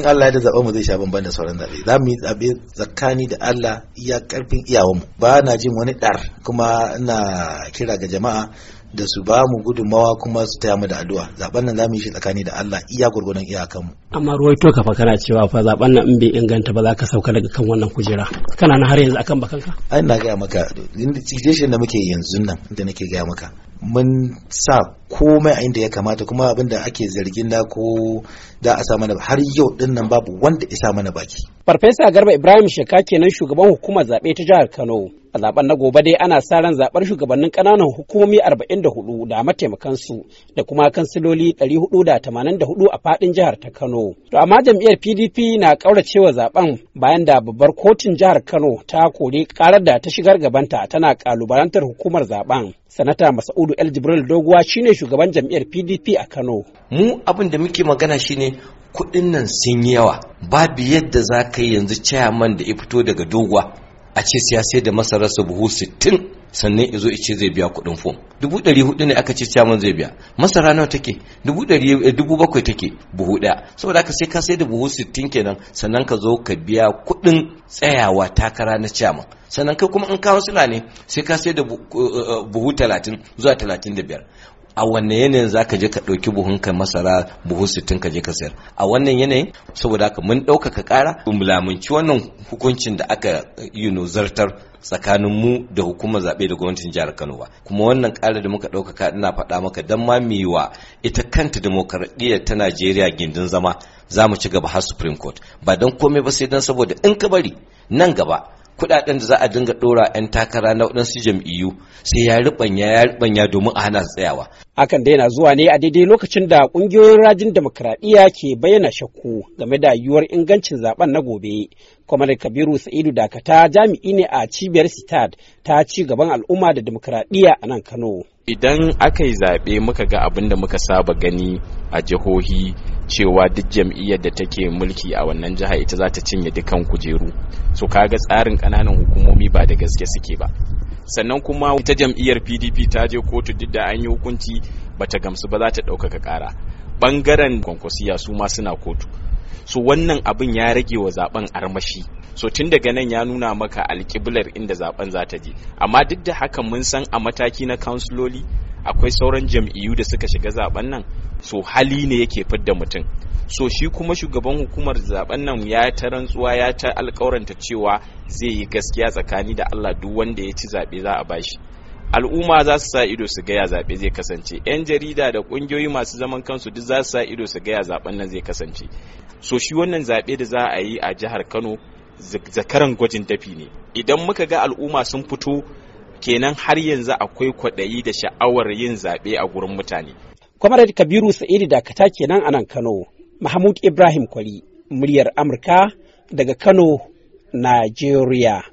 in Allah ya zaɓa mu zai sha bamban da sauran zaɓe za mu yi zaɓe tsakani da Allah iya ƙarfin iyawanmu ba na jin wani ɗar kuma na kira ga jama'a da su ba mu gudunmawa kuma su taya mu da addu'a zaɓen nan za mu yi shi tsakani da Allah iya gurgunan iyakanmu amma amma to ka kana cewa fa zaɓen nan in bai inganta ba za ka sauka daga kan wannan kujera kana na har yanzu akan bakanka ai na gaya maka cikin da muke yanzu nan da nake gaya maka mun sa komai a inda ya kamata kuma abin da ake zargin na ko da a sa mana har yau din nan babu wanda ya mana baki. Farfesa Garba Ibrahim Sheka kenan shugaban hukumar zaɓe ta jihar Kano. A zaɓen na gobe dai ana sa ran zaɓar shugabannin ƙananan hukumomi 44 da mataimakansu da kuma kansiloli 484 a faɗin jihar ta Kano. To amma jam'iyyar PDP na ƙauracewa zaɓen, bayan da babbar kotun jihar Kano ta kori ƙarar da ta shigar gabanta tana ƙalubalantar hukumar zaɓen. Sanata Masa'udu El Jibril Doguwa shine shugaban shugaban jam'iyyar PDP a Kano. Mu abin da muke magana shine kuɗin nan sun yi yawa babu yadda za ka yi yanzu chairman da ya fito daga doguwa. a ce siyasai da masararsa buhu sittin sannan ya zo ce zai biya kuɗin fom dubu ɗari hudu ne aka ce chairman zai biya masara nawa take dubu ɗari eh, dubu bakwai take buhu ɗaya saboda haka sai ka sai da buhu sittin kenan sannan ka zo ka biya kuɗin tsayawa takara na chairman sannan kai kuma in kawo sila ne sai ka sai da eh, eh, buhu talatin zuwa talatin da biyar a wanne yanayin za ka je ka ɗauki buhun ka masara buhu sittin ka je ka sayar a wannan yanayin saboda haka mun ɗaukaka ƙara lamunci wannan hukuncin da aka yi zartar tsakanin mu da hukumar zaɓe da gwamnatin jihar Kano ba kuma wannan ƙara da muka ɗaukaka ina faɗa maka don ma wa ita kanta demokaradiyya ta Najeriya gindin zama za mu ci gaba har Supreme Court ba don komai ba sai don saboda in ka bari nan gaba kuɗaɗen da za a dinga dora 'yan takara na waɗansu jam'iyyu sai ya ribanya ya ribanya domin a hana su tsayawa Hakan dai na zuwa ne a daidai lokacin da ƙungiyoyin rajin demokuraɗiyya ke bayyana shakku game da yiwuwar ingancin zaben na gobe. Kwamar Kabiru Sa'idu Dakata jami'i ne a cibiyar Sitad ta ci gaban al'umma da demokuraɗiyya a nan Kano. Idan aka yi zaɓe muka ga abin da muka saba gani a jihohi cewa duk jam'iyyar da take mulki a wannan jiha ita za ta cinye dukan kujeru. So kaga tsarin ƙananan hukumomi ba da gaske suke ba. sannan kuma ta jam'iyyar pdp ta je kotu duk da an yi hukunci bata gamsu ba za ta ɗaukaka ƙara ɓangaren kwankwasiya su ma suna kotu su wannan abin ya rage wa zaben armashi so tun daga nan ya nuna maka alƙiblar inda zaben za ta je amma duk da haka mun san a mataki na kansiloli akwai sauran jam'iyyu da suka shiga zaben nan so hali ne yake fidda mutum so shi kuma shugaban hukumar zaben nan ya ta rantsuwa ya ta alkawaranta cewa zai yi gaskiya tsakani da Allah duk wanda ya ci zaɓe za a bashi al'umma za su sa ido su gaya zaɓe zai kasance 'yan jarida da ƙungiyoyi masu zaman kansu duk za su sa ido su gaya zaɓen nan zai kasance so shi wannan zaɓe da za a yi a jihar kano zakaran gwajin dafi ne idan muka ga al'umma sun fito kenan har yanzu akwai kwaɗayi da sha'awar yin zaɓe a gurin mutane. Kwamarad Kabiru Sa'idu Dakata kenan a nan Kano. Mahmud Ibrahim kwali muryar Amurka daga Kano, Nigeria.